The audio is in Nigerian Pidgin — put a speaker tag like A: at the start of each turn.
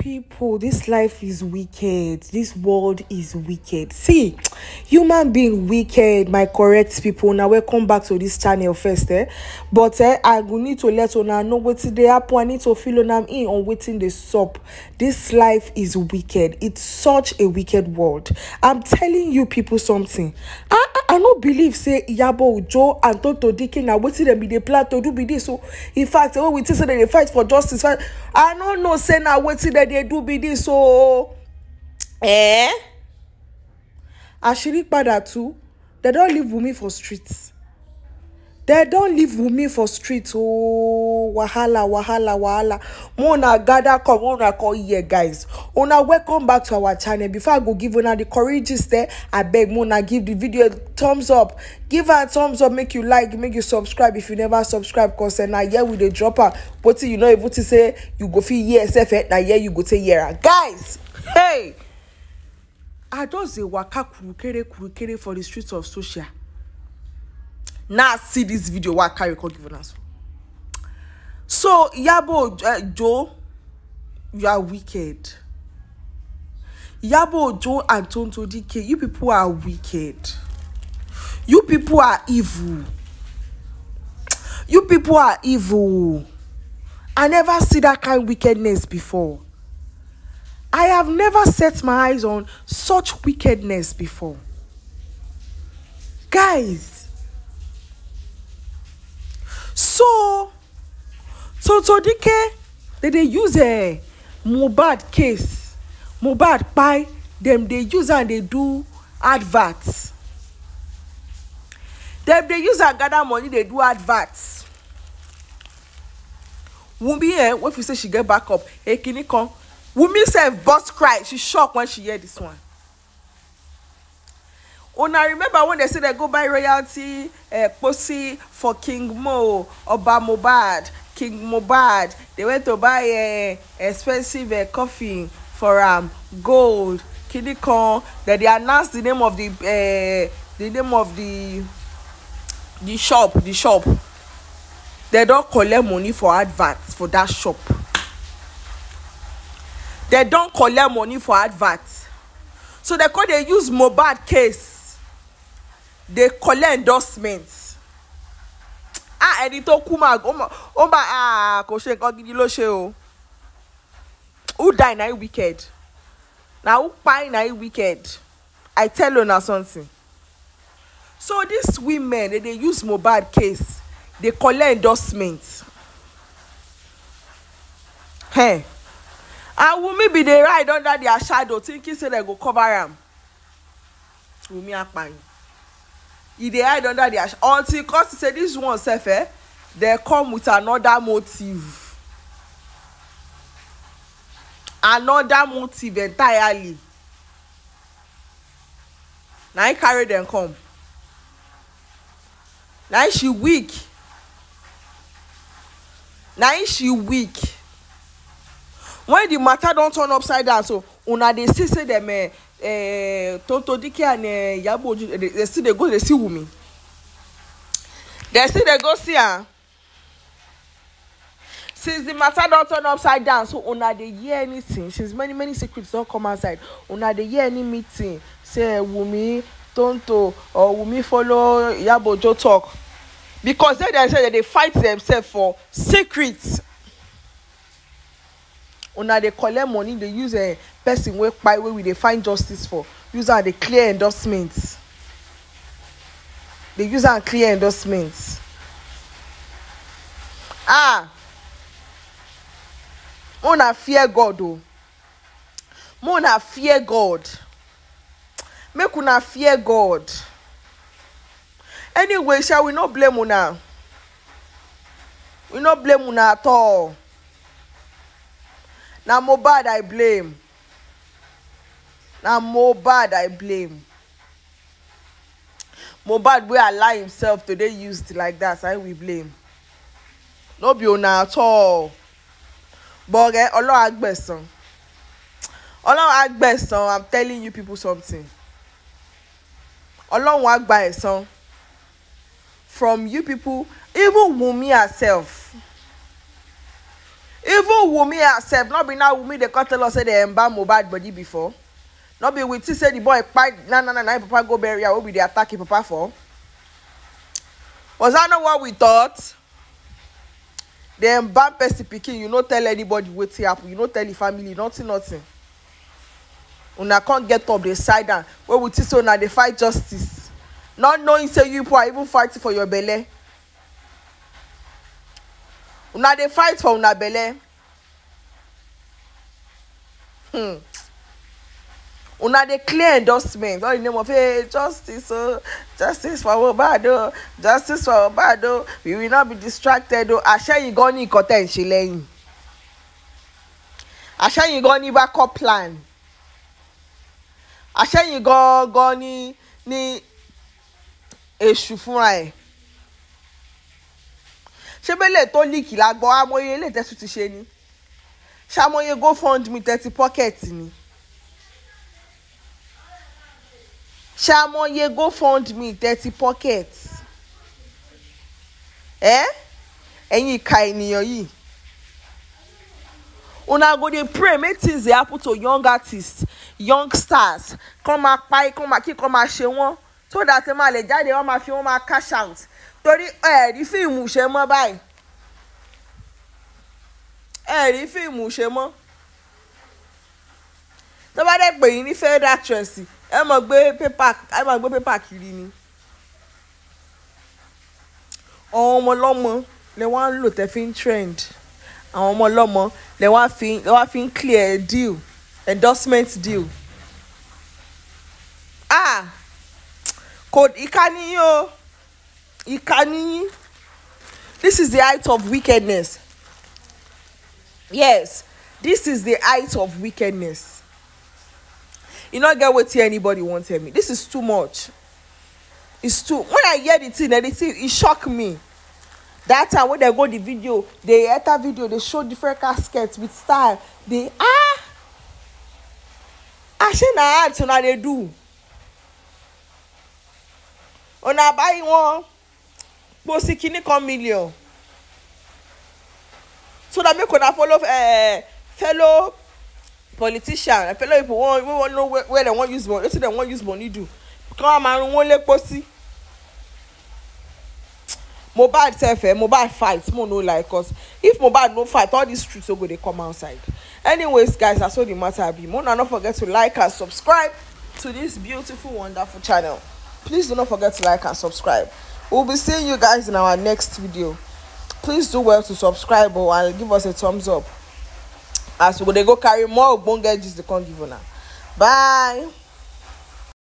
A: people this life is wicked this world is wicked see human being wicked my correct people now welcome back to this channel first eh but eh i will need to let I know what they happen i need to feel on i'm in on waiting the sup this life is wicked it's such a wicked world i'm telling you people something i i, I don't believe say yabo Joe and Toto dike now waiting them be the plan to do be this so in fact eh, when we say that they fight for justice i don't know say now waiting that dey do be this o eh àṣírí padà tú dem don leave Wunmi for street dem don leave wunmi for street oh wahala wahala wahala more una gather come una come here guys una welcome back to our channel before i go give una the courageous there abeg una give the video thumbs up give her thumbs up make you like make you subscribe if you never subscribe cause na here we dey drop her wetin you no even think say you go fit hear sef eh? na here you go take hear her guys hey i just dey waka kurukere kurukere for the streets of social now see this video why carry call giving us so Yabo uh, Joe, you are wicked Yabo Joe and Tonto DK you people are wicked you people are evil you people are evil i never see that kind of wickedness before i have never set my eyes on such wickedness before guys so so, Dike dem dey use uh, Mohbad case Mohbad kpai dem dey use am dey do advert dem dey use am gather money dey do advert Wunmi eh wey feel say she get backup ekini eh, kan Wunmi sef burst cry she shock when she hear this one una remember when they say they go buy royalty uh, posi for king mo oba mohbad king mohbad they went to buy uh, expensive uh, eh, coffin for am um, gold kini kan then they announced the name of the uh, the name of the the shop the shop they don collect money for advert for that shop they don collect money for advert so they come dey use mohbad case dey collect endorsement ah ẹni tó kú máa ó máa ah, kò ṣe nǹkan gidi ló ṣe o who die na he wicked na who kpai na he wicked i tell una something so these women dey dey use mohbad case dey collect endorsement hey. and wunmi bin dey ride under their shadow thinking say dem go cover am wunmi apanyi e dey hide under the ash until cause say this one sef eh dey come with another motive another motive entirely na him carry dem come na him she weak na him she weak when the matter don turn upside down so una dey see say dem uh, tonto dike and uh, yabo oju dey still dey go dey see wumi dem still dey go see am since the matter don turn upside down so una dey hear anything since many many secrets don come outside una dey hear any meeting say eh, wumi tonto or wumi follow yabo ojo talk because they themselves they dey fight themselves for secrets. una dey collect money dey use uh, person wey kpai wey we dey find justice for use am dey clear endorsement dey use am clear endorsement ah mo na fear god o mo na fear god make una fear god anyway sha we no blame una we no blame una at all na mohbad i blame na mohbad i blame mohbad wey allow himself to dey used like that, i we blame no be una at all but ọ̀rẹ́ ọlọ́run agbẹ̀san ọlọ́run agbẹ̀san i'm telling you people something ọlọ́run á gba ẹ̀san from you people even Wunmi herself even Wunmi herself no be now Wunmi dey come tell us say dey embalm Mohbad body before no be with say the boy kpai na na na na papa go bury her wey be dey attack him papa for was that not what we thought dem ban person pikin you no tell anybody wetin happen you no tell the family nothing nothing una come get up dey side am wey we think say una dey fight justice not knowing say you people even fighting for your belle una dey fight for una belle. Hmm una dey clear endorsement all in the name of hey justice o oh, justice for mohbad o oh, justice for mohbad o oh. we will not be distracted o oh. àṣẹyìn gan ní nǹkan tẹ̀ ń ṣe lẹ́yìn àṣẹyìn gan ní backup plan àṣẹyìn gan gan ní ní èṣù fúnra ẹ̀ ṣé bẹ́lẹ̀ tó líìkì lágbọ́ amóye ilé ìtẹ́sù ti ṣe ni ṣàmóye gofundme tẹ́tí pọ́kẹ́ẹ̀tì ni. ṣàmọye gofundme thirty pocket ẹ ẹ̀yin ìka ènìyàn yìí una go dey pray make things dey happen to young artists young stars kàn máa pa kàn máa kí kàn máa ṣe wọ́n so that ẹ máa lè jáde wọ́n máa fi wọ́n máa cash out torí ẹ̀ẹ́rí fíìmù ṣe mọ́ báyìí ẹ̀ẹ́rí fíìmù ṣe mọ́ tó bá dẹ̀ pè yín ní federal trust ẹ mọ̀ gbé pépà ẹ mọ̀ gbé pépà kiri ni àwọn ọmọ lọ́mọ lẹ wá ń lò tẹ́ fi ń trend àwọn ọmọ lọ́mọ lẹ wá fi lẹ wá fi ń clear deal endorsement deal ah kò ìka níyìn o ìka this is the height of wickedness yes this is the height of wickedness you not get wetin anybody won't tell me this is too much it's too when i hear the thing and eh, the thing e shock me that time when they go the video dey enter video they show different caskets with style They ah I ashe na so una they do On oh, una buy one kposi kini kan million so that make una follow uh, fellow politician and fellow people wọn wọn know where they wan use money wetin they wan use money do come wọn máa rún wọn lépo sí. mohbad sef eh mohbad fight mo no like cause if mohbad no fight all these streets no go dey come outside anyways guys na so the matter be mo na no forget to like and subscribe to this beautiful wonderful channel please do not forget to like and subscribe we'll be seeing you guys in our next video please do well to subscribe or oh, and give us a thumbs up as we go dey go carry more ogbonge gist dey come give una bye.